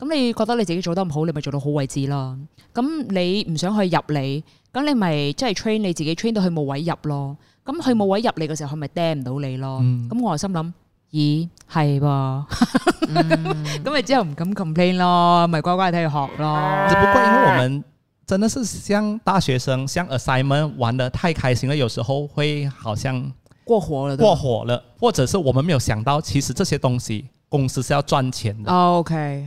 咁你覺得你自己做得唔好，你咪做到好位置咯。咁你唔想去入你，咁你咪即係 train 你自己，mm. 己 train 到佢冇位入咯。咁佢冇位入嚟嘅時候，佢咪釘唔到你咯。咁、mm. 我係心諗，咦，係噃。咁、mm. 你之後唔敢 complain 咯，咪乖乖睇佢學咯。只不過因為我們真的是像大學生，像 assignment 玩得太開心了，有時候會好像過火了，過火了，或者係我們沒有想到，其實這些東西公司是要賺錢嘅。Oh, OK。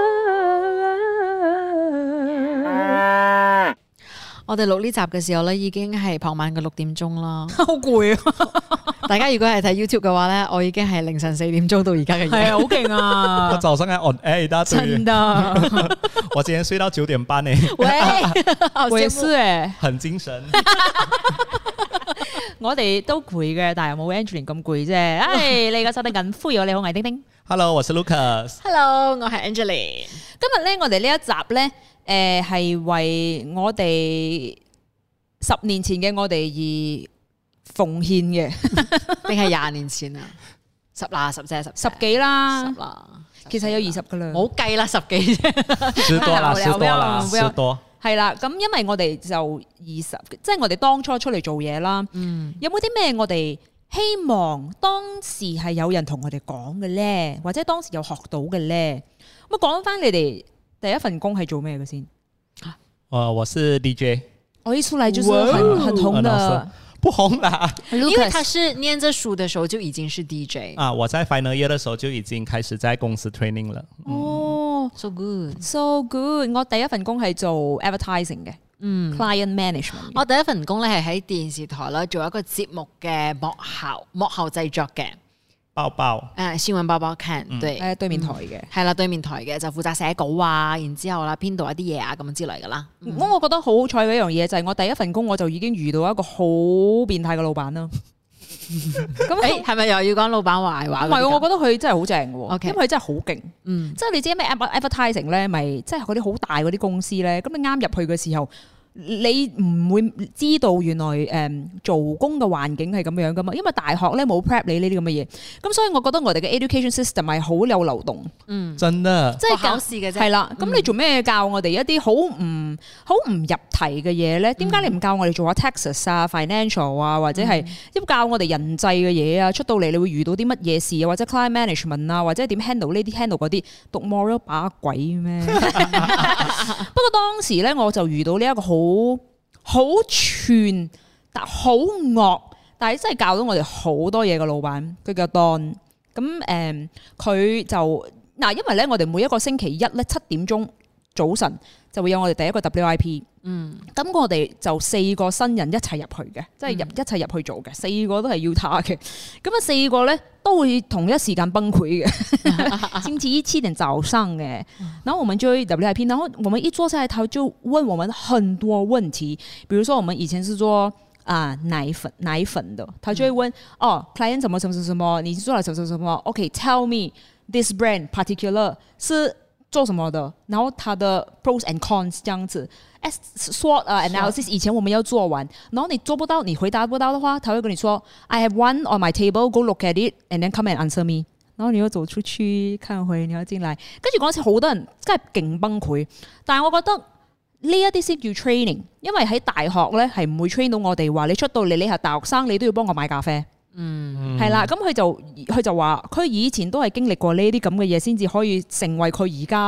我哋錄呢集嘅時候咧，已經係傍晚嘅六點鐘啦。好攰啊，大家如果係睇 YouTube 嘅話咧，我已經係凌晨四點鐘到而家嘅。係好勁啊！我早上係 on 誒，真嘅，我今天睡到九點半呢。喂，我也是誒，喂很精神。我哋都攰嘅，但係冇 Angeline 咁攰啫。唉、hey,，你個手袋銀灰啊，你好魏丁丁。Hello，我是 Lucas。Hello，我係 Angeline。今日咧，我哋呢一集咧，誒、呃，係為我哋十年前嘅我哋而奉獻嘅，定係廿年前啊？十嗱，十即十十幾啦。十啦，十啦其實有二十噶啦，冇計啦，十幾，少 多啦，少 多啦，少多,多,多。係啦，咁因為我哋就二十，十多即係我哋當初出嚟做嘢啦。嗯，有冇啲咩我哋？希望當時係有人同我哋講嘅咧，或者當時有學到嘅咧。咁講翻你哋第一份工係做咩嘅先？啊、呃，我係 DJ。我一、哦、出來就是很很紅的，哦呃、我不紅的。因為他是念著書嘅時候就已經是 DJ。啊，我在 final year 嘅時候就已經開始在公司 training 了。嗯、哦，so good，so good。So、good。我第一份工係做 advertising 嘅。嗯，client manage。client management 我第一份工咧，係喺電視台啦，做一個節目嘅幕後幕後製作嘅包包。誒，uh, 新聞包包 can do、嗯、對誒、呃，對面台嘅。係啦、嗯，對面台嘅就負責寫稿啊，然之後啦編導一啲嘢啊咁之類噶啦。咁、嗯、我覺得好彩嘅一樣嘢就係、是、我第一份工我就已經遇到一個好變態嘅老闆啦。咁 誒、欸，係咪又要講老闆話壞話？唔係是，樣我覺得佢真係好正嘅，Okay. 因為佢真係好勁。嗯，即係你知咩 advertising 咧，咪即係嗰啲好大嗰啲公司咧。咁你啱入去嘅時候。你唔會知道原來、嗯、做工嘅環境係咁樣噶嘛？因為大學咧冇 prep 你呢啲咁嘅嘢，咁所以我覺得我哋嘅 education system 係好有漏洞。嗯，真啊，即係搞事嘅啫。係啦，咁了、嗯、你做咩教我哋一啲好唔好唔入題嘅嘢咧？點解你唔教我哋做下 taxes 啊、financial 啊，或者係一教我哋人際嘅嘢啊？出到嚟你會遇到啲乜嘢事啊？或者 client management 啊，或者點 handle 呢啲 handle 嗰啲，讀 morality 鬼咩？ 不過當時咧，我就遇到呢一個好好串但好惡，但係真係教到我哋好多嘢嘅老闆，佢叫 Don。咁誒，佢、嗯、就嗱，因為咧，我哋每一個星期一咧七點鐘。早晨就會有我哋第一個 WIP，嗯，咁我哋就四個新人一齊、嗯、入去嘅，即係入一齊入去做嘅，四個都係要他嘅，咁啊四個咧都會同一時間崩潰嘅，星期一七點早上嘅，然後我們做 WIP，然後我們一坐晒頭就問我們很多問題，比如說我們以前是做啊奶粉奶粉的，他就會問，嗯、哦 plan 什麼什麼什麼，你做了什麼什麼，什麼，OK tell me this brand particular 是。做什麼的？然後他的 pros and cons 這樣子 As,、uh, analysis,，s short analysis、啊。以前我們要做完，然後你做不到，你回答不到的話，他會跟你說：I have one on my table, go look at it and then come and answer me。然後你要走出去看回，你要進來，跟住嗰陣時好多人真係勁崩潰。但係我覺得呢一啲先叫 training，因為喺大學咧係唔會 train 到我哋話你出到嚟，你係大學生你都要幫我買咖啡。嗯，係啦，咁佢就佢就話，佢以前都係經歷過呢啲咁嘅嘢，先至可以成為佢而家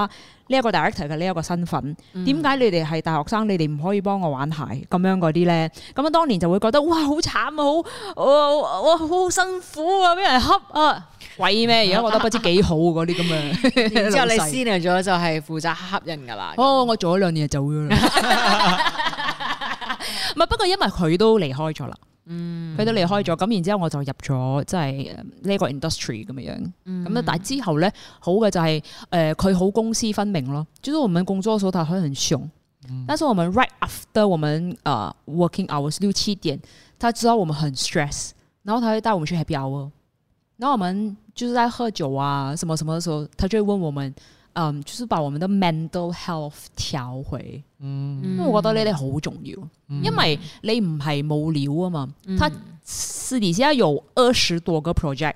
呢一個 director 嘅呢一個身份。點解、嗯、你哋係大學生，你哋唔可以幫我玩鞋咁樣嗰啲咧？咁樣當年就會覺得哇，好慘啊，好我好辛苦啊，俾人恰啊，鬼咩？而家我覺得不知幾好嗰啲咁樣。之後你升咗就係負責恰人噶啦。哦，我做咗兩年就走咗啦。唔係，不過因為佢都離開咗啦。嗯，佢都離開咗，咁然之後我就入咗即係呢個 industry 咁樣樣，咁、嗯、但係之後咧好嘅就係誒佢好公私分明咯，就是我們工作嘅時候他會很凶，嗯、但是我們 right after 我們啊、uh, working hours 六七點，他知道我們很 stress，然後他會帶我們去 happy hour。然後我們就是在喝酒啊什麼什麼的時候，他就會問我們。Um, just about 嗯，就是把我們的 mental health 調回，因為我覺得呢啲好重要，嗯、因為你唔係冇料啊嘛，嗯、他私底下有二十多個 project，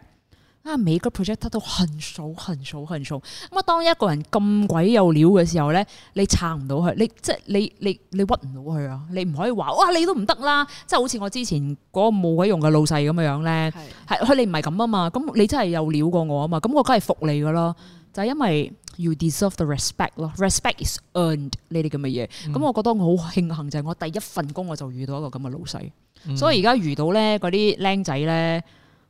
啊每一個 project 他都很熟很熟很熟，咁啊當一個人咁鬼有料嘅時候咧，你撐唔到佢，你即係、就是、你你你，你屈唔到佢啊，你唔可以話哇你都唔得啦，即係好似我之前嗰個冇鬼用嘅老細咁樣是樣咧，係佢你唔係咁啊嘛，咁你真係有料過我啊嘛，咁我梗係服你噶咯，就係、是、因為。You deserve the respect 咯，respect is earned 呢啲咁嘅嘢。咁、嗯、我覺得我好慶幸就係、是、我第一份工我就遇到一個咁嘅老細，嗯、所以而家遇到咧嗰啲靚仔咧，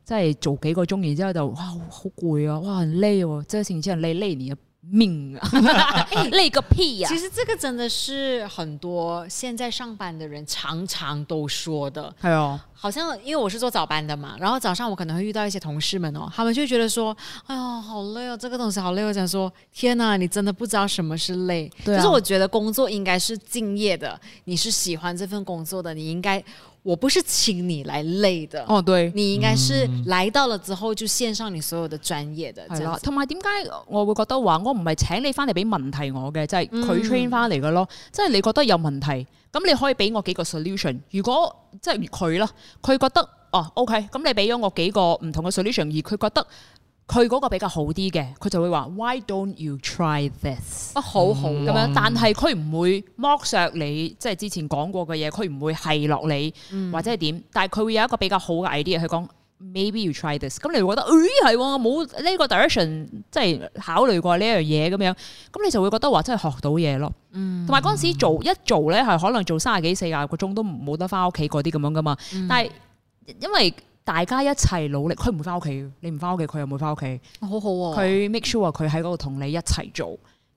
即係做幾個鐘，然之後就哇好攰啊，哇很累喎、啊，即係甚至係累累你嘅命啊， 累個屁啊！其實這個真的是很多現在上班的人常常都說的。係啊、哦。好像因為我是做早班的嘛，然後早上我可能會遇到一些同事們哦，他們就覺得說：“哎呀，好累哦，這個東西好累，哦。”我想說：“天哪，你真的不知道什麼是累？就，啊、是我覺得工作應該是敬業的，你是喜歡這份工作的，你應該，我不是請你來累的哦。對，你應該是來到了之後就獻上你所有的專業的，知道同埋點解我會覺得話，我唔係請你翻嚟俾問題我嘅，就係佢 train 翻嚟嘅咯，即係，嗯、你覺得有問題。”咁你可以俾我幾個 solution，如果即係佢啦，佢覺得哦、啊、OK，咁你俾咗我幾個唔同嘅 solution，而佢覺得佢嗰個比較好啲嘅，佢就會話 Why don't you try this？嗯、好好咁樣，但係佢唔會剝削你，即係之前講過嘅嘢，佢唔會係落你、嗯、或者係點，但係佢會有一個比較好嘅 idea 去講。Maybe you try this，咁你會覺得誒係冇呢個 direction，即係考慮過呢樣嘢咁樣，咁你就會覺得話真係學到嘢咯。同埋嗰陣時做一做咧，係可能做三十幾四十個鐘都冇得翻屋企嗰啲咁樣噶嘛。嗯、但係因為大家一齊努力，佢唔翻屋企，你唔翻屋企，佢又唔會翻屋企。很好好、啊，佢 make sure 佢喺嗰度同你一齊做。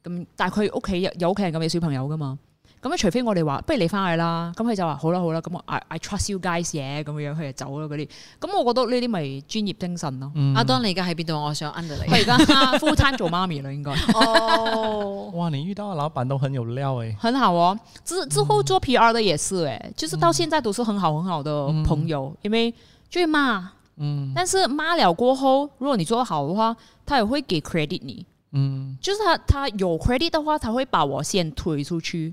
咁但係佢屋企有屋企人咁嘅小朋友噶嘛。咁咧，除非我哋話，不如你翻去啦。咁佢就話，好啦好啦，咁我，I trust you guys 嘅，咁樣樣，佢就走咯嗰啲。咁我覺得呢啲咪專業精神咯。阿 d、嗯啊、你而家喺邊度？我想 under 你。佢而家 full time 做媽咪啦，應該。 哦。哇，你遇到嘅老闆都很有料誒。很好喎、哦，之之後做 PR 嘅也是誒，就是到現在都是很好很好的朋友，嗯、因為最罵嗯。但是罵了過後，如果你做得好嘅話，他也會給 credit 你。嗯。就是他他有 credit 的話，他會把我先推出去。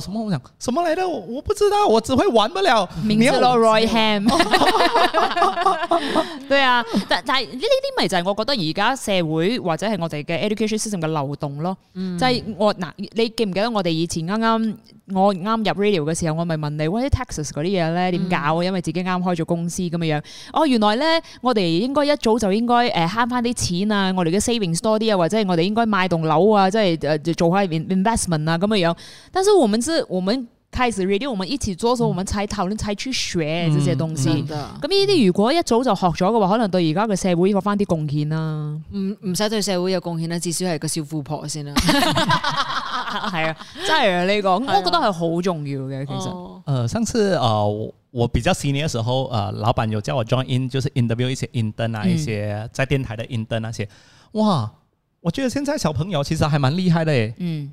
什麼我什麼來嘅？我不知道，我只會玩不了。名字叫 Roy Ham。 對啊，但但呢啲咪就係我覺得而家社會或者係我哋嘅 education system 嘅漏洞咯。即、嗯、就係我嗱，你記唔記得我哋以前啱啱我啱入 radio 嘅時候，我咪問你喂啲 taxes 嗰啲嘢咧點搞？嗯、因為自己啱開咗公司咁嘅樣。哦，原來咧我哋應該一早就應該誒慳翻啲錢啊！我哋嘅 savings 多啲啊，或者係我哋應該買棟樓啊，即、就、係、是、做開 investment 啊咁嘅樣。但是我是我們開始 ready 我們一起做時，我們才討論，才去學這些東西。咁呢啲如果一早就學咗嘅話，可能對而家嘅社會有翻啲貢獻啦。唔唔使對社會有貢獻啦，至少係個小富婆先啦。係啊，真係啊呢個，我覺得係好重要嘅其實、呃。上次啊、呃，我比較 senior 時候，誒、呃，老闆有叫我 join in，就是 interview 一些 intern 啊，嗯、一些在電台的 intern 那、啊、些。哇，我覺得現在小朋友其實還蠻厲害嘅。嗯。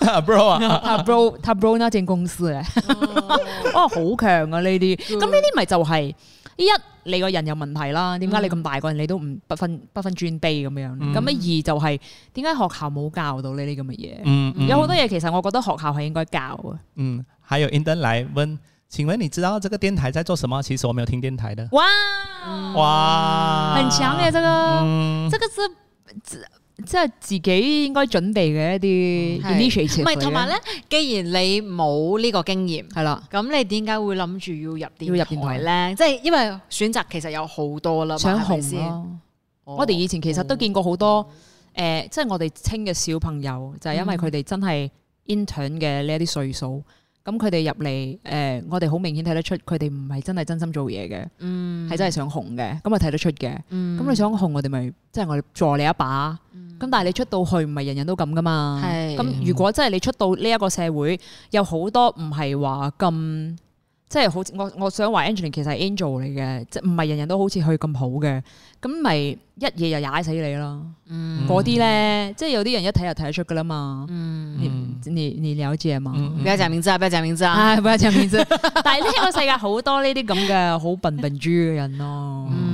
啊，bro 啊，bro 啊正公司嘅，哇哦，好強、 哦、啊呢啲，咁呢啲咪就係、是、一你個人有問題啦，點解你咁大個人你都唔不分不分尊卑咁樣？咁一二就係點解學校冇教到呢啲咁嘅嘢？嗯嗯、有好多嘢其實我覺得學校係應該教嘅。嗯，還有印 n 來問，請問你知道這個電台在做什麼？其實我沒有聽電台的。哇哇，嗯、哇很強嘅、啊，這個，嗯、這個是，即係自己應該準備嘅一啲 initiate 唔係同埋咧。既然你冇呢個經驗，係啦的，咁你點解會諗住要入啲要入電台咧？即係因為選擇其實有好多啦，想紅咯。哦、我哋以前其實都見過好多，誒、哦，即係、呃就是、我哋稱嘅小朋友，就係、是、因為佢哋真係 intern 嘅呢一啲歲數。嗯咁佢哋入嚟，誒，我哋好明顯睇得出佢哋唔係真係真心做嘢嘅，係、嗯嗯嗯、真係想紅嘅，咁啊睇得出嘅。咁你想紅，我哋就是、我哋咪即係我哋助你一把。咁、嗯嗯嗯、但係你，嗯嗯、你出到去唔係人人都咁噶嘛？咁如果真係你出到呢一個社會，有好多唔係話咁。即係好，我我想話 Angeline 其實係 Angel 嚟嘅，即唔係人人都好似佢咁好嘅，咁咪一嘢就踩死你咯、嗯。嗰啲咧，即係有啲人一睇就睇得出噶啦嘛、嗯你。你你你了解嗎？不要講名字啊！不要講名字啊！不要講名字。但係呢個世界好多呢啲咁嘅好笨笨豬嘅人咯。 嗯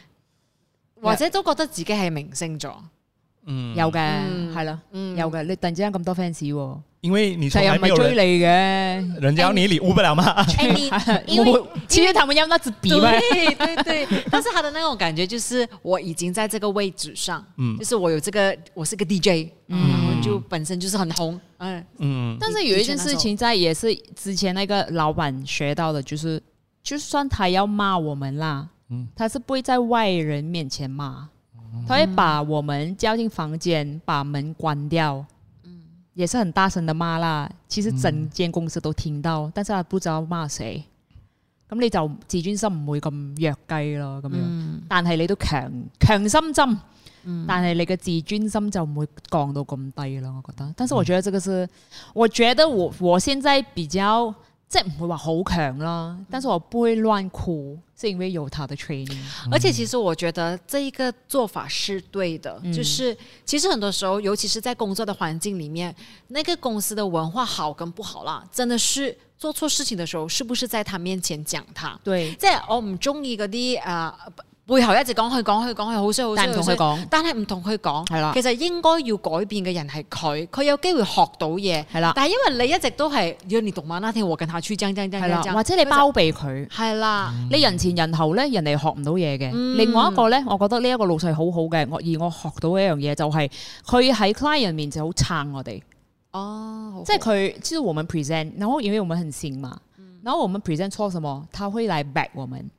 或者都覺得自己係明星咗，嗯，有嘅，係咯，嗯，有嘅，你突然之間咁多 fans 因為你又唔係追你嘅，人家要你理唔不了嗎？誒，因為其實他們要那支筆，對對對，但是他的那種感覺就是，我已經在這個位置上，嗯，就是我有這個，我係個 DJ，嗯，然後就本身就是很紅，嗯嗯，但是有一件事情在，也是之前那個老闆學到的，就是就算他要罵我們啦。他是不會在外人面前罵，嗯、他會把我們叫進房間，把門關掉，嗯、也是很大聲的罵啦。其實整間公司都聽到，嗯、但是他不知道罵誰。咁、嗯、你就自尊心唔會咁弱雞咯，咁樣。嗯、但係你都強強心針，嗯、但係你嘅自尊心就唔會降到咁低咯。我覺得，但是我覺得這個是、嗯、我覺得我我現在比較。即唔會話好強啦，但是我不會亂哭，是因為有他的 training。嗯、而且其實我覺得這一個做法是對的，嗯、就是其實很多時候，尤其是在工作的環境裏面，那個公司的文化好跟不好啦，真的是做錯事情的時候，是不是在他面前講他？對，即我唔中意嗰啲啊。呃背後一直講佢講佢講佢好衰好同佢講，但係唔同佢講，係啦。其實應該要改變嘅人係佢，佢有機會學到嘢，係啦。但係因為你一直都係要你讀馬拉天，我跟下或者你包庇佢，係啦。你人前人後咧，人哋學唔到嘢嘅。另外一個咧，我覺得呢一個老細好好嘅，我而我學到一樣嘢就係，佢喺 client 面前好撐我哋，哦，即係佢知道我們 present，然後因為我們很新嘛，然後我們 present 錯什麼，他會來 back 我們。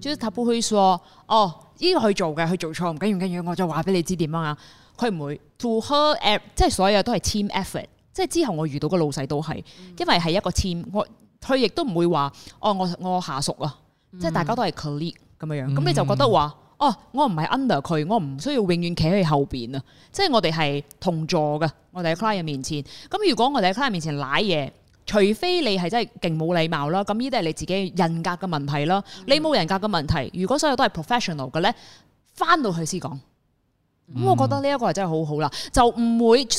只要他不會說：「哦，呢個去做嘅，去做錯唔緊要，跟住我就話俾你知點樣啊。佢唔會，to her effort，即係所有都係 team effort。即係之後我遇到個老細都係，嗯、因為係一個 team，我佢亦都唔會話哦，我我下屬啊，即係大家都係 colleague 咁樣樣。咁你就覺得話哦，我唔係 under 佢，我唔需要永遠企喺佢後邊啊。即係我哋係同坐嘅，我哋喺 client 面前。咁如果我哋喺 client 面前賴嘢。除非你係真係勁冇禮貌啦，咁呢啲係你自己人格嘅問題啦。你冇人格嘅問題，如果所有都係 professional 嘅咧，返到去先講。我覺得呢一個係真係好好啦，就唔會，即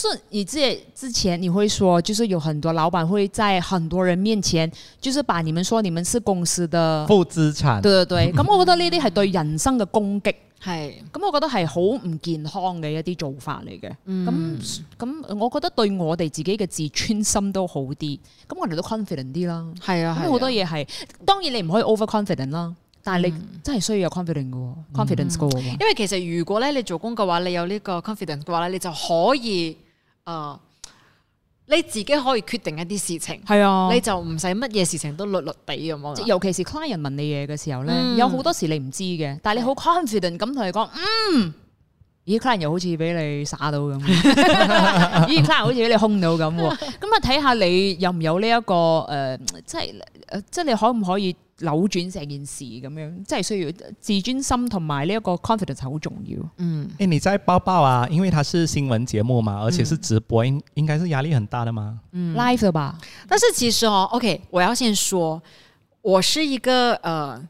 係之前，你會說，就是有很多老闆會在很多人面前，就是把你們說你們是公司的負資產。對對對，咁我覺得呢啲係對人身嘅攻擊。係，咁是我覺得係好唔健康嘅一啲做法嚟嘅。咁咁、嗯，我覺得對我哋自己嘅自尊心都好啲。咁我哋都 confident 啲啦。係啊，好多嘢係。啊、當然你唔可以 over confident 啦、嗯，但係你真係需要有 confidence 嘅，confidence 嘅。嗯、conf 因為其實如果咧你做工嘅話，你有呢個 confident 嘅話咧，你就可以啊。呃你自己可以決定一啲事情，係啊，你就唔使乜嘢事情都律律地咁樣，尤其是 client 問你嘢嘅時候咧，嗯、有好多時你唔知嘅，但係你好 confident 咁同佢講，嗯。咦、e、，client 又好似俾你耍到咁，咦、 e、，client 好似俾你兇到咁，咁啊睇下你有唔有呢、這、一個誒，即係即係你可唔可以扭轉成件事咁樣？即係需要自尊心同埋呢一個 confidence 好重要。嗯，誒、欸，你揸包包啊，因為它是新聞節目嘛，而且是直播，嗯、應應該是壓力很大的嘛。嗯，live 吧。但是其實哦，OK，我要先說，我是一個誒。呃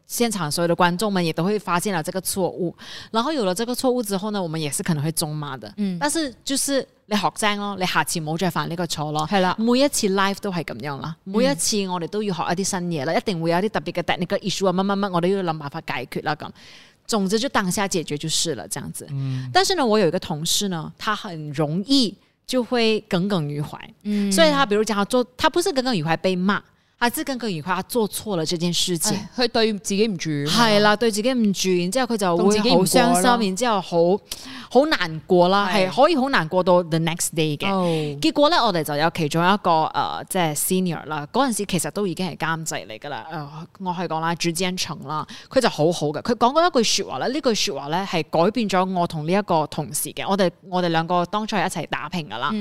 現場所有的觀眾們也都會發現了這個錯誤，然後有了這個錯誤之後呢，我們也是可能會中罵的。嗯、但是就是你學生咯，你下次唔好再犯呢個錯咯。係啦，每一次 life 都係咁樣啦，嗯、每一次我哋都要學一啲新嘢啦，一定會有啲特別嘅 technical issue 啊，乜乜乜，我都要諗辦法解決啦咁。總之就當下解決就是了，這樣子。嗯、但是呢，我有一個同事呢，他很容易就會耿耿於懷。嗯、所以他比如講他做，他不是耿耿於懷被罵。阿芝根據如話做錯咗這件事情，佢、哎、對自己唔住，係啦，對自己唔住，然之後佢就會好傷心，然之後好好難過啦，係是可以好難過到 the next day 嘅。哦、結果咧，我哋就有其中一個誒，即係 senior 啦，嗰、就、陣、是、時其實都已經係監製嚟噶、呃、啦。誒，我係講啦，主漸層啦，佢就好好嘅，佢講過一句説話咧，句話呢句説話咧係改變咗我同呢一個同事嘅。我哋我哋兩個當初係一齊打拼噶啦，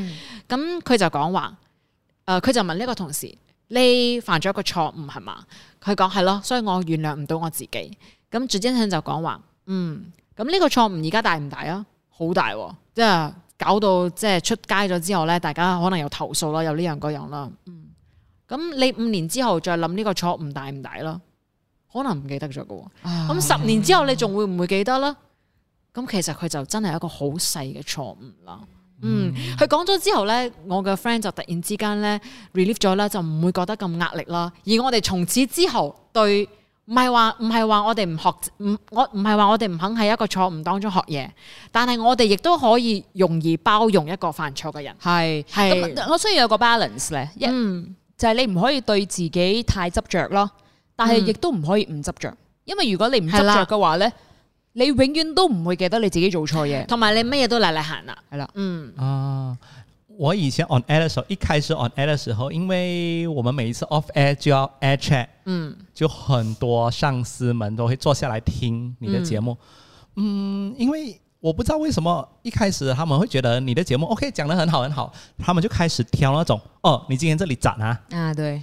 咁佢、嗯、就講話，誒、呃，佢就問呢個同事。你犯咗一個錯誤係嘛？佢講係咯，所以我原諒唔到我自己。咁最真性就講話，嗯，咁呢個錯誤而家大唔大啊？好大，即係搞到即係出街咗之後咧，大家可能有投訴啦，有呢樣嗰樣啦。嗯，咁你五年之後再諗呢個錯誤大唔大啦？可能唔記得咗嘅，咁唉十年之後你仲會唔會記得咧？咁唉其實佢就真係一個好細嘅錯誤啦。嗯，佢講咗之後咧，我嘅 friend 就突然之間咧 relief 咗啦，就唔會覺得咁壓力啦。而我哋從此之後對，唔係話唔係話我哋唔學，唔我唔係話我哋唔肯喺一個錯誤當中學嘢，但係我哋亦都可以容易包容一個犯錯嘅人。係係，我需要有個 balance 咧，嗯，就係你唔可以對自己太執着咯，但係亦都唔可以唔執着，嗯、因為如果你唔執着嘅話咧。你永遠都唔會記得你自己做錯嘢，同埋你乜嘢都賴賴閒啦、啊，係啦了，嗯。啊，uh, 我以前 on air 的時候，一開始 on air 的時候，因為我們每一次 off air 就要 air check，嗯，就很多上司們都會坐下來聽你的節目，嗯,嗯，因為我不知道為什麼一開始他們會覺得你的節目 OK 講得很好很好，他們就開始挑那種，哦，你今天這裏窄啊，啊，對。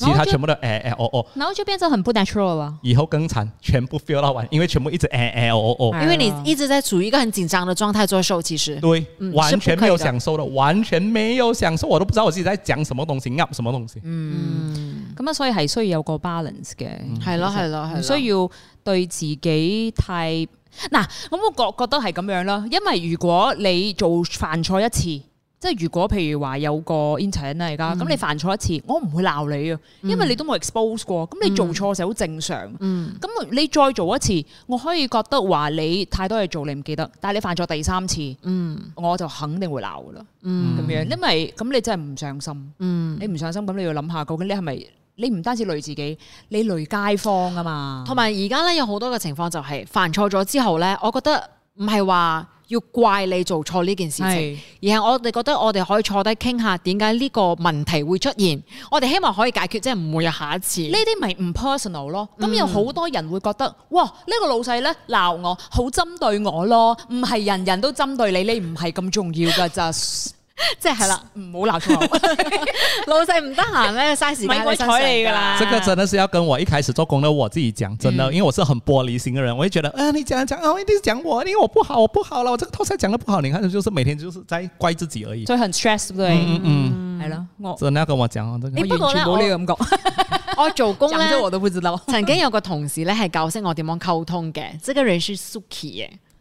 其他全部都誒、啊、誒、啊啊、哦哦，然後就變成很不 natural 了，以後更慘全部 feel 到完，因為全部一直誒、啊、誒、啊啊、哦哦，因為你一直在處於一個很緊張的狀態做 show，其實對，嗯、完全沒有享受的，的完全沒有享受，我都不知道我自己在講什麼東西，噏什麼東西。嗯，咁啊、嗯，那麼所以係需要有個 balance 嘅，係咯係咯係，需要對自己太嗱，咁、啊、我覺覺得係咁樣咯，因為如果你做飯菜一次。即係如果譬如話有個 intern 啊，而家咁你犯錯一次，我唔會鬧你啊，嗯、因為你都冇 expose 過，咁你做錯嘅時候好正常。咁、嗯、你再做一次，我可以覺得話你太多嘢做，你唔記得。但係你犯錯第三次，嗯、我就肯定會鬧噶啦。咁、嗯、樣，因為咁你真係唔上心。嗯、你唔上心，咁你要諗下，究竟你係咪？你唔單止累自己，你累街坊啊嘛。同埋而家咧有好多嘅情況就係、是、犯錯咗之後咧，我覺得。唔係話要怪你做錯呢件事情，是而係我哋覺得我哋可以坐低傾下點解呢個問題會出現。我哋希望可以解決，即係唔會有下一次。呢啲咪唔 personal 咯。咁有好多人會覺得，哇！呢、呢個老細咧鬧我，好針對我咯。唔係人人都針對你，你唔係咁重要噶咋。 即係啦，唔好鬧我，老細唔得閒咧，嘥時間，咪過睬你噶啦。這個真的是要跟我一開始做工咧，我自己講，真的，嗯、因為我是很玻璃心嘅人，我會覺得，誒、啊，你講講、啊，我一定講我，因為我不好，我不好啦，我這個頭先講得不好，你看就是每天就是在怪自己而已，所以很 stress，對嗯係咯？我真係要跟我講，我完全冇呢個感覺。 我做工咧，我都不知道。 曾經有個同事咧係教識我點樣溝通嘅，這個人是 Suki 誒。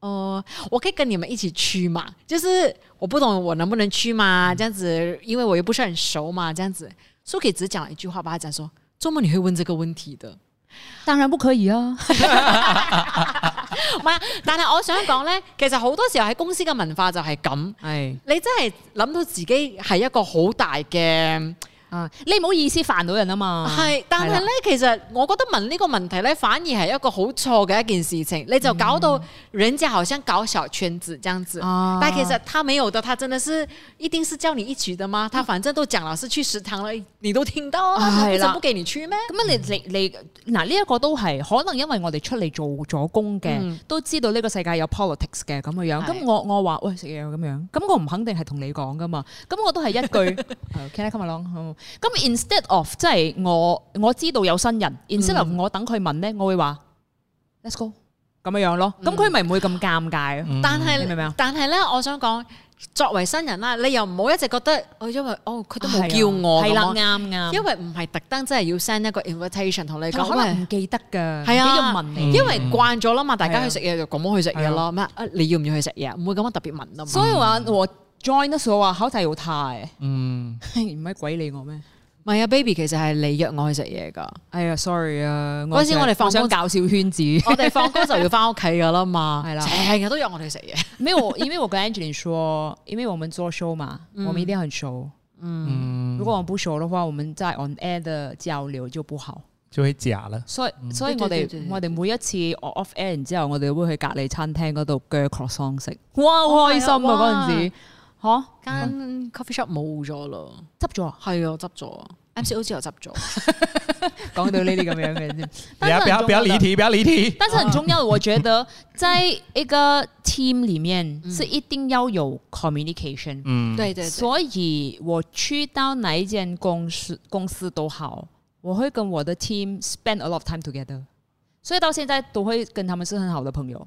哦、呃，我可以跟你們一起去嘛？就是我不懂我能不能去嘛？這樣子，因為我又不是很熟嘛，這樣子，蘇 K 只講了一句話，把他講說，做乜你會問這個問題的，當然不可以啊、哦。 但係我想講咧，其實好多時候喺公司嘅文化就係咁，係 你真係諗到自己係一個好大嘅。啊、嗯！你唔好意思煩到人啊嘛，係，但係咧，啦其實我覺得問呢個問題咧，反而係一個好錯嘅一件事情，你就搞到人家好像搞小圈子，這樣子。嗯啊、但係其實他沒有的，他真的是一定是叫你一起的嗎？嗯、他反正都講啦，是去食堂啦，你都聽到啊，其實不記年處咩？咁、嗯、你你嗱呢一個都係可能因為我哋出嚟做咗工嘅，嗯、都知道呢個世界有 politics 嘅咁嘅樣。咁我我話喂食嘢咁樣，咁我唔肯定係同你講噶嘛，咁我都係一句、 oh, 咁 instead of 即係我我知道有新人，instead of，我等佢問咧，我會話 Let's go 咁樣樣咯。咁佢咪唔會咁尷尬咯？你明唔明啊？但係咧，我想講作為新人啦，你又唔好一直覺得，因為哦佢都冇叫我咁啱啱，因為唔係特登真係要 send 一個 invitation 同你講，可能唔記得噶，係啊，要問你，因為慣咗啦嘛，大家去食嘢就咁樣去食嘢咯。咩你要唔要去食嘢？唔會咁樣特別問啊嘛。所以話我。join 得時我話考題好太，嗯，唔係鬼理我咩？唔係啊，baby，其實係你約我去食嘢噶。哎呀，sorry 啊，嗰時我哋放鬆搞笑圈子，我哋放鬆就要翻屋企噶啦嘛，係啦，成日都約我哋食嘢。因因為我同 Angela 說因為我們做 show 嘛，我們一定要熟。w 如果我 h 不熟的話，我們在 on air 的交流就不好，就會假了。所以所以我哋我哋每一次我 off air 之後，我哋會去隔離餐廳嗰度 g cross n t 哇，好心啊嗰陣好，間 Huh? coffee shop 冇咗咯，執咗、嗯哼，係了啊，執咗，MCOC 又執咗。講到呢啲咁樣嘅先，不要不要不要離題，不要離題。但是很重要的，我覺得在一個 team 裡面是一定要有 communication。嗯，對對。所以我去到哪一間公司公司都好，我會跟我的 team spend a lot of time together。所以到現在都會跟他們是很好的朋友。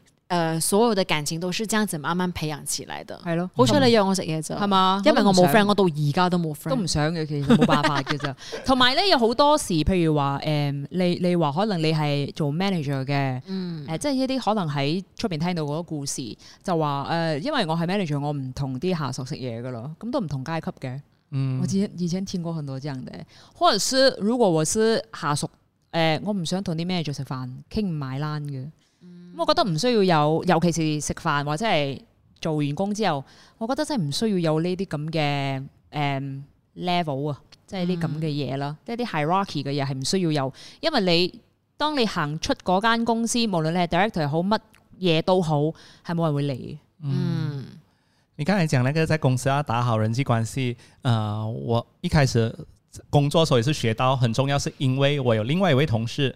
誒、呃，所有嘅感情都是這樣子慢慢培養起來的。係咯，好彩你約我食嘢啫，係嘛嗎？因為我冇 friend，我，我到而家都冇 friend。都唔想嘅，其實冇辦法嘅咋。同埋咧，有好多時，譬如話誒、嗯，你你話可能你係做 manager 嘅、嗯呃，即係一啲可能喺出邊聽到嗰個故事，就話誒、呃，因為我係 manager，我唔同啲下屬食嘢嘅咯，咁都唔同階級嘅。嗯、我以前且見過很多啲人哋，可能如果我係下屬，誒、呃，我唔想同啲 manager 食飯，傾唔埋欄嘅。我覺得唔需要有，尤其是食飯或者係做完工之後，我覺得真係唔需要有呢啲咁嘅誒 level 啊，即係呢咁嘅嘢啦，即係啲 hierarchy 嘅嘢係唔需要有，因為你當你行出嗰間公司，無論你係 director 好，乜嘢都好，係冇人會嚟。嗯，你剛才講那個在公司要、啊、打好人際關係，啊、呃，我一開始工作時候也是學到很重要，是因為我有另外一位同事。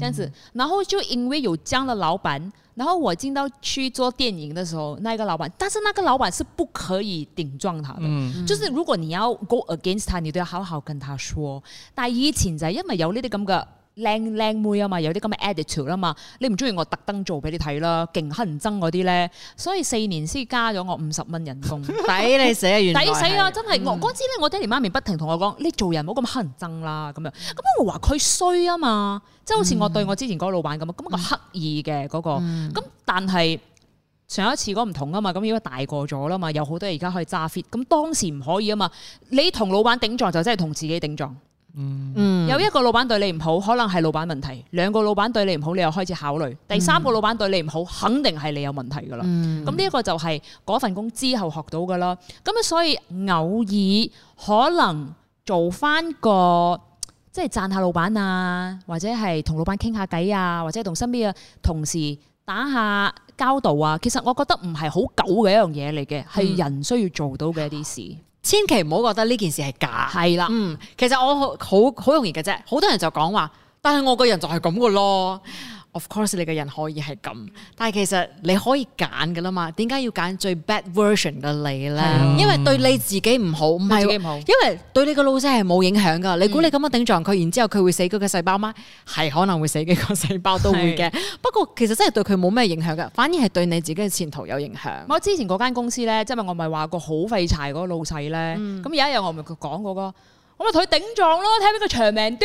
這樣子，然後就因為有這樣的老闆，然後我進到去做電影的時候，那個老闆，但是那個老闆是不可以頂撞他的，嗯、就是如果你要 go against 他，你都要好好跟他說。嗯、但以前就因為有呢啲咁嘅。靚靚妹啊嘛，有啲咁嘅 attitude 啦嘛，你唔中意我特登做俾你睇啦，勁乞人憎嗰啲咧，所以四年先加咗我五十蚊人工，抵你死啊！抵死啊！真係、嗯、我嗰陣咧，我爹哋媽咪不停同我講，你做人唔好咁乞人憎啦。咁樣，咁我話佢衰啊嘛，即係好似我對我之前嗰個老闆咁，咁個刻意嘅嗰、那個，咁、嗯、但係上一次嗰唔同啊嘛，咁因為大個咗啦嘛，有好多而家可以揸 fit，咁當時唔可以啊嘛，你同老闆頂撞就真係同自己頂撞。嗯，有一個老闆對你唔好，可能係老闆問題；兩個老闆對你唔好，你又開始考慮；第三個老闆對你唔好，肯定係你有問題噶啦。咁呢一個就係嗰份工之後學到噶啦。咁啊，所以偶爾可能做翻個即係讚下老闆啊，或者係同老闆傾下偈啊，或者跟身邊同身邊嘅同事打下交道啊。其實我覺得唔係好狗嘅一樣嘢嚟嘅，係人需要做到嘅一啲事。千祈唔好覺得呢件事係假，係啦，嗯，其實我好好容易嘅啫，好多人就講話，但係我個人就係咁嘅咯。Of course，你嘅人可以係咁，但係其實你可以揀噶啦嘛？點解要揀最 bad version 嘅你咧？啊、因為對你自己唔好，唔係自己唔好，因為對你個老細係冇影響噶。嗯、你估你咁樣頂撞佢，然之後佢會死幾個細胞嗎？係可能會死幾個細胞都會嘅。是不過其實真係對佢冇咩影響噶，反而係對你自己嘅前途有影響。我之前嗰間公司咧，即、就、係、是、我咪話過好廢柴嗰個老細咧，咁、嗯、有一日我咪講嗰個，我咪同佢頂撞咯，睇下邊個長命啲。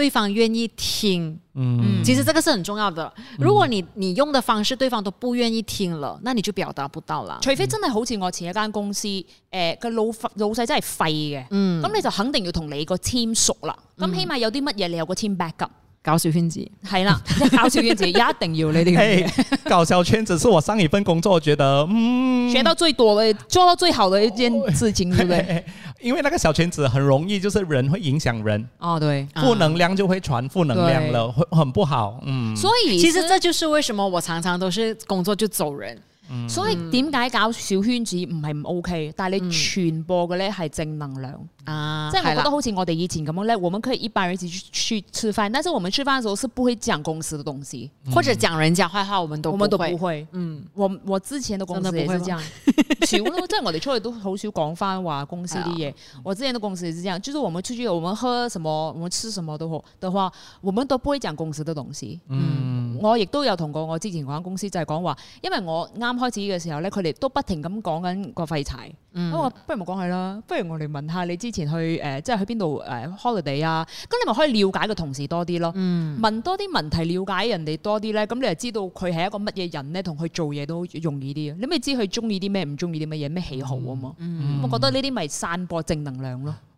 對方願意聽，嗯，其實這個是很重要的。如果你你用的方式對方都不願意聽了，那你就表達不到了。除非真的好似我前一間公司，誒、呃，個老老細真係廢嘅，嗯，咁你就肯定要同你個 team 熟啦。咁起碼有啲乜嘢你有個 team backup。搞小圈子係啦，搞小圈子一 定有呢啲嘢。對對 hey，搞小圈子是我上一份工作覺得，嗯，學到最多嘅，做到最好的一件事情，oh，對不對？Hey, hey, hey，因為那個小圈子很容易，就是人會影響人。哦，oh，對，嗯、負能量就會傳負能量了，會對很不好。嗯，所以其實這就是為什麼我常常都是工作就走人。嗯、所以點解搞小圈子唔係唔 OK？、嗯、但係你傳播嘅咧係正能量、嗯、啊！即係我覺得好似我哋以前咁樣咧，我們以,啦我們可以一班人一齊去去吃飯，但是我們吃飯嘅時候是不會講公司嘅東西，嗯、或者講人家壞話，我們都我們都不會。不會嗯，我我之前嘅公司係咁，少即係我哋出去都好少講翻話公司啲嘢。我之前嘅公司也是這樣就係我們出去，我們喝什麼，我們吃什麼都好，的話我們都不會講公司的東西。嗯。嗯我亦都有同過我之前嗰間公司，就係講話，因為我啱開始嘅時候咧，佢哋都不停咁講緊個廢柴，咁我、嗯、不如唔講佢啦，不如我哋問下你之前去誒，即、呃、係、就是，去邊度誒 holiday 啊，咁你咪可以了解個同事多啲咯，嗯、問多啲問題了解人哋多啲咧，咁你就知道佢係一個乜嘢人咧，同佢做嘢都容易啲，你咪知佢中意啲咩，唔中意啲乜嘢，咩喜好啊嘛，嗯嗯、我覺得呢啲咪散播正能量咯。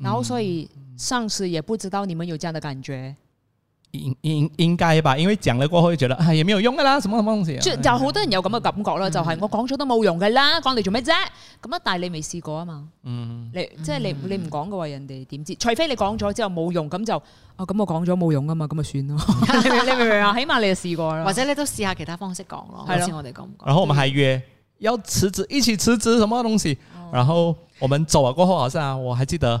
然後所以上司也不知道你們有這樣的感覺，應應應該吧，因為講了過後就覺得啊、哎，也沒有用噶啦，什麼什麼東西、啊就，就就好多人有咁嘅感覺啦，嗯、就係我講咗都冇用噶啦，講嚟做咩啫？咁啊，但係你未試過啊嘛，嗯，你即係你你唔講嘅話，人哋點知？除非你講咗之後冇用，咁就哦咁、啊嗯、我講咗冇用啊嘛，咁啊算咯， 你明唔明啊？起碼你就試過啦，或者你都試下其他方式講咯，係咯、啊，試試我哋講，講，然後我們還約要辭職，一起辭職，什麼東西？嗯、然後我們走了過後，好像我還記得。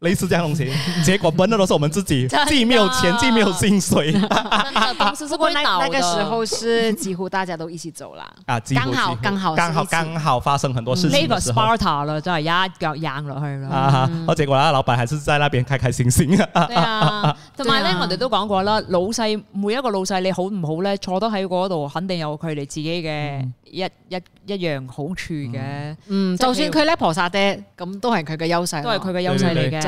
類似這樣東西，結果本嚟都是我們自己，既沒有錢，既沒有薪水。公司是會倒，那個時候是幾乎大家都一起走啦。啊，剛好剛好剛好剛好發生很多事情。那個 Sparta 咯，就係一腳硬落去咯。啊哈，哦，結果阿老闆還是在那邊開開心心。係同埋咧，我哋都講過啦，老細每一個老細，你好唔好咧，坐得喺嗰度，肯定有佢哋自己嘅一一一樣好處嘅。嗯，就算佢叻婆殺爹，咁都係佢嘅優勢，都係佢嘅優勢嚟嘅。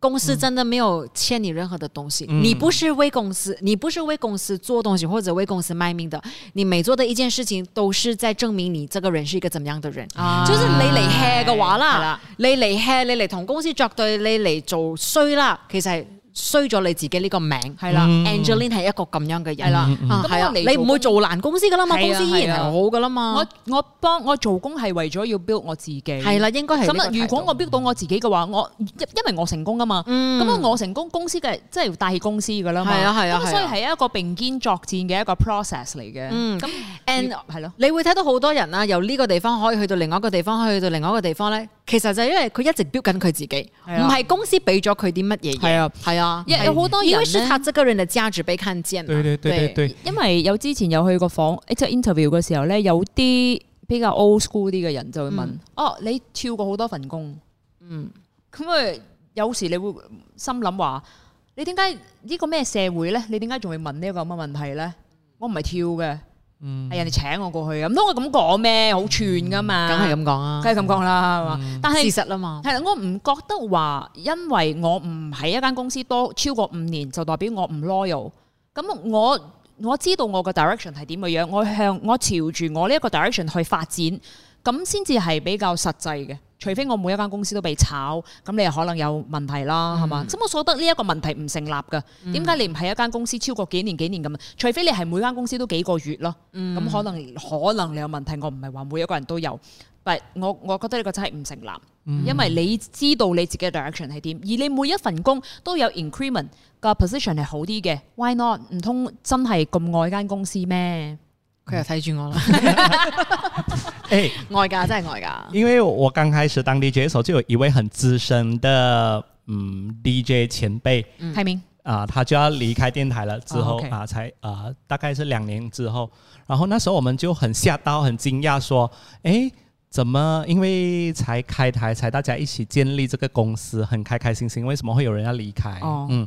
公司真的沒有欠你任何的東西，嗯、你不是為公司，你不是為公司做東西或者為公司賣命的，你每做的一件事情都是在證明你這個人是一個怎麼樣的人。啊、就是你嚟 hea 嘅話是啦，你嚟 hea，你嚟同公司作對，你嚟做衰啦，其實。衰咗你自己呢個名係啦，Angeline 係一個咁樣嘅人係啦，咁你唔會做爛公司噶啦嘛，公司依然係好噶啦嘛。我我幫我做工係為咗要 build 我自己係啦，應該係咁。如果我 build 到我自己嘅話，我因因為我成功噶嘛，咁我成功公司嘅即係帶起公司噶啦嘛，係啊，係啊，所以係一個並肩作戰嘅一個 process 嚟嘅。嗯，咁 and 係咯，你會睇到好多人啦，由呢個地方可以去到另外一個地方，可以去到另外一個地方咧。其實就係因為佢一直標緊佢自己，唔係公司俾咗佢啲乜嘢。係啊，係啊，有好多因為識塔職嗰人就揸住俾人見。對對對，對，對，對，因為有之前有去過房，即係 interview 嘅時候咧，有啲比較 old school 啲嘅人就會問、嗯：，哦，你跳過好多份工，嗯，咁啊，有時你會心諗話，你點解呢個咩社會咧？你點解仲會問呢一個咁嘅問題咧？我唔係跳嘅。係人哋請我過去咁，都係咁講咩？好串噶嘛，梗係咁講啊，梗係咁講啦，係嘛？嗯、但係是事實啦嘛，係啦，我唔覺得話，因為我唔喺一間公司多超過五年，就代表我唔 loyal 我。咁我我知道我個 direction 係點嘅樣，我向我朝住我呢一個 direction 去發展，咁先至係比較實際嘅。除非我每一間公司都被炒，咁你又可能有問題啦，係嘛、嗯？咁我所得呢一個問題唔成立嘅。點解、嗯、你唔係一間公司超過幾年幾年咁，除非你係每間公司都幾個月咯，咁、嗯、可能可能你有問題，我唔係話每一個人都有，但我我覺得呢個真係唔成立，嗯、因為你知道你自己嘅 direction 係點，而你每一份工都有 increment 個 position 係好啲嘅，Why not？唔通真係咁愛間公司咩？佢又睇住我啦，哎，愛噶，真係愛噶。因為我剛開始當 DJ 時候，就有一位很資深的嗯 DJ 前輩，泰明啊，他就要離開電台了，之後啊，才啊、哦 okay 呃，大概是兩年之後，然後那時候我們就很嚇到很驚訝，說，誒，怎麼？因為才開台，才大家一起建立這個公司，很開開心心，為什麼會有人要離開？哦、嗯。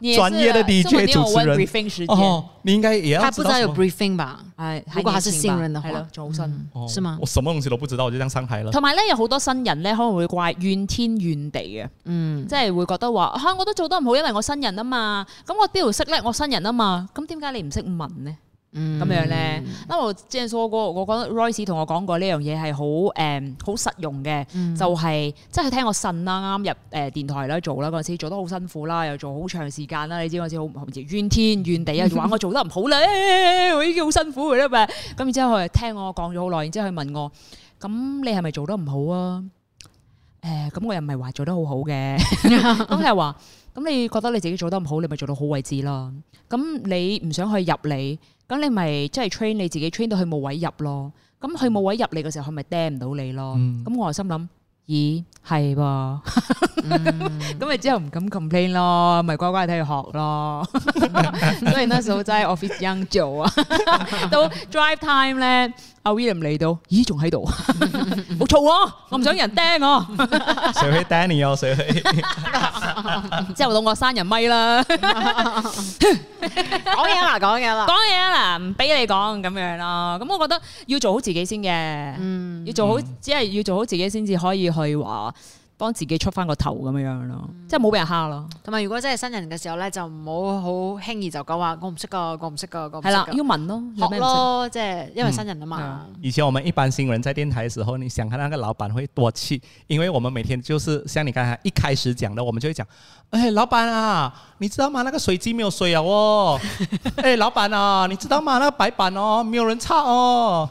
啊、專業的 DJ 主持人時間、哦、你應該也要，他不知道有 briefing 吧？哎，如果他是新人的話，是嗎？我什麼東西都不知道，我已經生氣啦。同埋咧，有好多新人咧，可能會怪怨天怨地嘅，嗯，即係會覺得話，哈、啊，我都做得唔好，因為我新人啊嘛，咁我邊度識叻，我新人啊嘛，咁點解你唔識問呢？嗯，咁樣咧，因為我之前說過，我覺得 Royce 同我講過呢樣嘢係好誒好實用嘅、嗯就係，就係即係聽我呻啦，啱入誒電台咧做啦嗰陣時，做得好辛苦啦，又做好長時間啦，你知我先好唔好怨天怨地啊，話我做得唔好啦、 哎，我已經好辛苦㗎啦嘛，咁然之後佢聽我講咗好耐，然之後佢問我，咁你係咪做得唔好啊？誒、呃，咁我又唔係話做得好好嘅，咁佢話。咁你覺得你自己做得唔好，你咪做到好位置咯。咁你唔想去入你，咁你咪即係 train 你，你自己 train 到佢冇位入咯。咁佢冇位入你嘅時候，佢咪釘唔到你咯。咁、嗯、我係心諗，咦係噃。咁咪、嗯、 之後唔敢 complain 咯，咪乖乖睇佢學咯。所以呢，時候在 office o 做啊，到 drive time 咧。阿 William 嚟到，咦？仲喺度？冇 嘈、啊，我唔想人釘我。誰去 Danny 啊？誰 去，去？ 之後到我生人咪啦，講嘢啦，講嘢啦，講嘢啦，唔俾你講咁樣咯。咁我覺得要做好自己先嘅，要做好，只係要做好自己先至可以去話。幫自己出翻個頭咁樣，嗯、咁樣冇咯，即係冇俾人蝦咯。同埋如果真係新人嘅時候咧，就唔好好輕易就講話我唔識噶，我唔識噶，我係啦，要問咯，學咯，即係因為新人啊嘛。嗯嗯，以前我們一般新人在電台嘅時候，你想下那個老闆會多氣？因為我們每天就是像你剛才一開始講的，我們就會講，誒、欸，老闆啊，你知道嗎？那個水機沒有水啊，哦，誒， 欸、老闆啊，你知道嗎？那個白板哦，沒有人擦哦。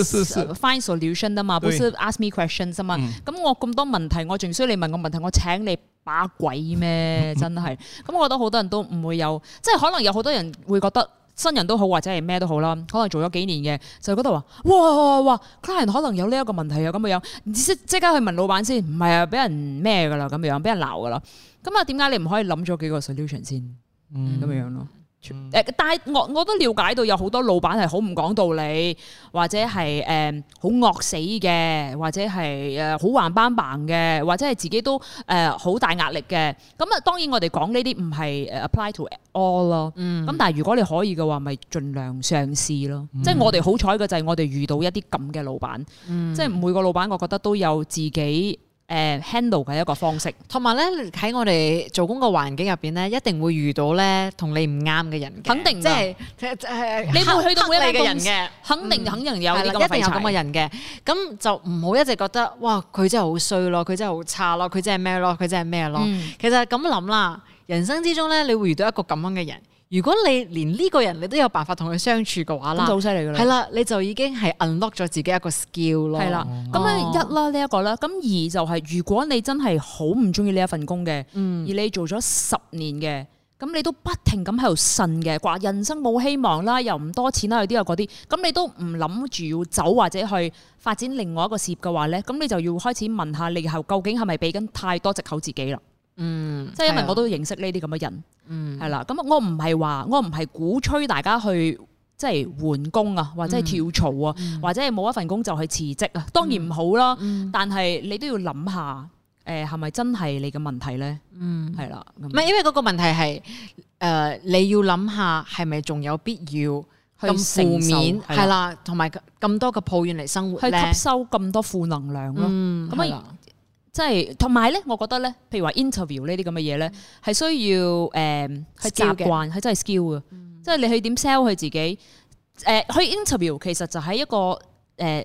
solution 啊嘛，ask me questions 啊嘛、嗯。咁我咁多問題，我仲需要你問個問題，我請你把鬼咩？真係，咁 我覺得好多人都唔會有，即係可能有好多人會覺得新人都好或者係咩都好啦，可能做咗幾年嘅就嗰度話，哇，哇，哇 client 可能有呢一個問題啊咁樣，即即刻去問老闆先，唔係啊，俾人咩噶啦咁樣，俾人鬧噶啦。咁啊，點解你唔可以諗咗幾個 solution 先，咁樣咯？誒，嗯、但係我我都了解到有好多老闆係好唔講道理，或者係誒好惡死嘅，或者係誒好橫斑梆嘅，或者係自己都誒好大壓力嘅。咁啊，當然我哋講呢啲唔係誒 apply to all 咯、啊。咁、嗯、但係如果你可以嘅話，咪盡量嘗試咯。嗯、即係我哋好彩嘅就係我哋遇到一啲咁嘅老闆，嗯、即係每個老闆我覺得都有自己誒 handle 嘅一個方式，同埋咧喺我哋做工嘅環境入邊咧，一定會遇到咧同你唔啱嘅人嘅，肯定，即係、呃、你會去到每一間公司，嘅人嘅肯定肯定有啲咁嘅人嘅，咁、嗯、就唔好一直覺得哇佢真係好衰咯，佢真係好差咯，佢真係咩咯，佢真係咩咯，嗯、其實咁諗啦，人生之中咧，你會遇到一個咁樣嘅人。如果你連呢個人你都有辦法同佢相處嘅話啦，好犀利㗎啦，係啦，你就已經係 unlock 咗自己一個 skill 咯。係啦了，咁樣、哦、一啦呢一個啦，咁二就係如果你真係好唔中意呢一份工嘅，嗯、而你做咗十年嘅，咁你都不停咁喺度呻嘅，話人生冇希望啦，又唔多錢啦，有啲又嗰啲，咁你都唔諗住要走或者去發展另外一個事業嘅話咧，咁你就要開始問下你後究竟係咪俾緊太多藉口自己啦。嗯，即係因為我都認識呢啲咁嘅人，係啦、嗯，咁我唔係話我唔係鼓吹大家去即係換工啊，或者係跳槽啊，嗯、或者係冇一份工就去辭職啊，嗯、當然唔好啦，嗯、但係你都要諗下，誒係咪真係你嘅問題咧？嗯，係啦，唔係因為嗰個問題係誒、呃、你要諗下係咪仲有必要咁負面，係啦，同埋咁多嘅抱怨嚟生活，去吸收咁多負能量咯，咁啊。即係同埋咧，我覺得咧，譬如話 interview 呢啲咁嘅嘢咧，係、嗯、需要誒去、呃、scale 習慣，係的真係 skill 嘅。嗯、即係你去點 sell 佢自己誒、呃、去 interview，其實就係一個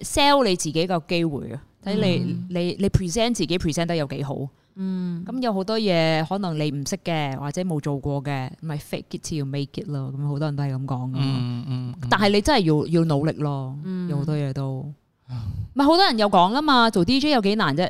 sell、呃、你自己嘅機會啊。睇你、嗯、你你，你 present 自己，己 present 得有幾好。咁、嗯、有好多嘢可能你唔識嘅，或者冇做過嘅，咪 fake it till make it 咯。咁好多人都係咁講㗎。嗯嗯、但係你真係要要努力咯。嗯、有好多嘢都咪好、啊、多人有講啦嘛，做 DJ 有幾難啫？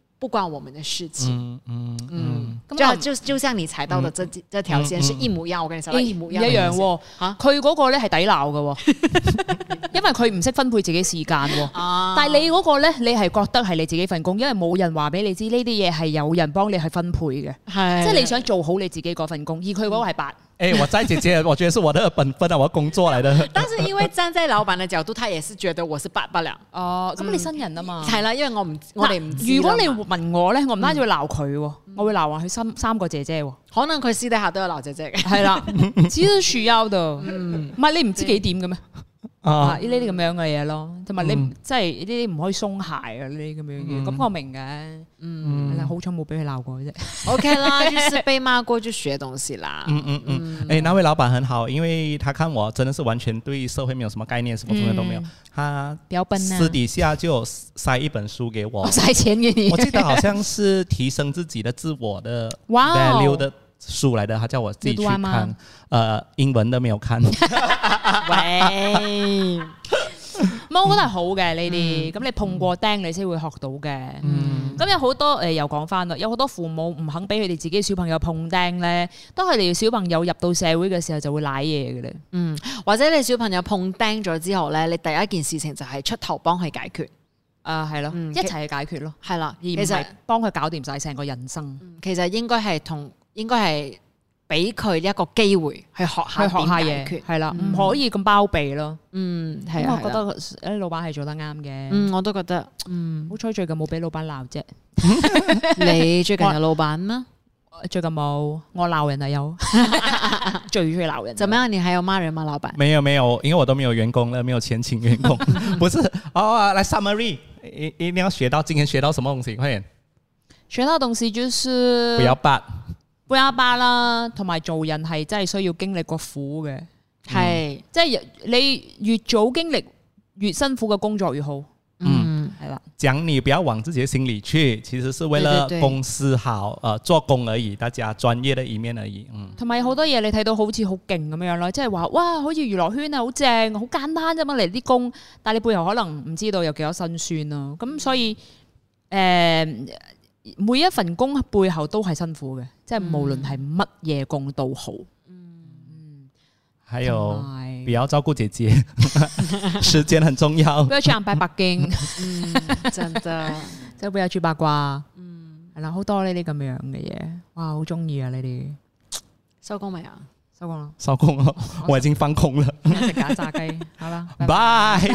不關我們嘅事情，嗯嗯，咁、嗯嗯嗯、就就像你踩到嘅這、嗯、這條線是一模一樣，欸、我跟你講一模一樣，一樣、哦，吓佢嗰個咧係抵鬧嘅、哦， 因為佢唔識分配自己時間、哦，哦、但係你嗰個咧，你係覺得係你自己份工，因為冇人話俾你知呢啲嘢係有人幫你去分配嘅，係即係你想做好你自己嗰份工，而佢嗰個係八。嗯誒，我齋姐姐，我覺得是我的本分啊，我工作來的。但是因為站在老板的角度，他也是覺得我是爸爸了。哦，咁你新人啦嘛？係啦，因為我唔我哋唔知。如果你問我咧，我唔單止會鬧佢，我會鬧話佢三個姐姐，可能佢私底下都有鬧姐姐嘅。係啦，喺樹腰度，唔係你唔知幾點嘅咩？啊！呢啲咁樣嘅嘢咯，同埋你即係呢啲唔可以鬆懈啊！呢啲咁樣嘢，咁我明嘅。嗯，好彩冇俾佢鬧過啫。OK 啦，就是被罵過就學東西啦。嗯嗯嗯。誒，那位老闆很好，因為他看我真的是完全對社會沒有什麼概念，什麼概念都沒有。他標本啊！私底下就塞一本書給我，我塞錢給你。我記得好像是提升自己的自我的 value 書嚟嘅，他叫我自己去看，誒、呃，英文都沒有看。喂，我覺得好嘅呢啲，咁、嗯嗯、你碰過釘，你先會學到嘅。嗯，咁、嗯、有好多誒、呃，又講翻啦，有好多父母唔肯俾佢哋自己小朋友碰釘咧，當佢哋小朋友入到社會嘅時候就會舐嘢嘅咧。嗯，或者你小朋友碰釘咗之後咧，你第一件事情就係出頭幫佢解決，誒、呃，係咯，嗯、一齊去解決咯，係啦，其實而唔係幫佢搞掂晒成個人生。嗯、其實應該係同。應該係俾佢一個機會去學去學下嘢，係啦，唔可以咁包庇咯。嗯，咁我覺得啲老闆係做得啱嘅。嗯，我都覺得。嗯，好彩最近冇俾老闆鬧啫。你最近有老闆咩？最近冇，我鬧人啊！有最最鬧人，怎麼樣？你還要罵人嗎？老闆？沒有沒有，因為我都沒有員工啦，沒有錢請員工。不是，哦，來 summary，一一定要學到，今天學到什麼東西？快點，學到東西就是不要扮。背阿爸啦，同埋做人係真係需要經歷過苦嘅，係即係你越早經歷越辛苦嘅工作越好。嗯係啦。吧講你不要往自己嘅心裏去，其實是為了公司好，誒、呃、做工而已，大家專業的一面而已。嗯，同埋好多嘢你睇到好似好勁咁樣咯，即係話哇，好似娛樂圈啊好正，好簡單啫嘛嚟啲工，但係你背後可能唔知道有幾多辛酸咯、啊。咁所以誒。呃每一份工背後都係辛苦嘅，即係無論係乜嘢工都好。嗯，還有比較照顧姐姐，時間很重要。不要去安排北京。嗯，真的，即係不要去八卦。嗯，係啦，好多呢啲咁樣嘅嘢，哇，好中意啊呢啲。收工未啊？收工啦！收工啦！我已經翻工啦。食假炸雞，好啦，拜。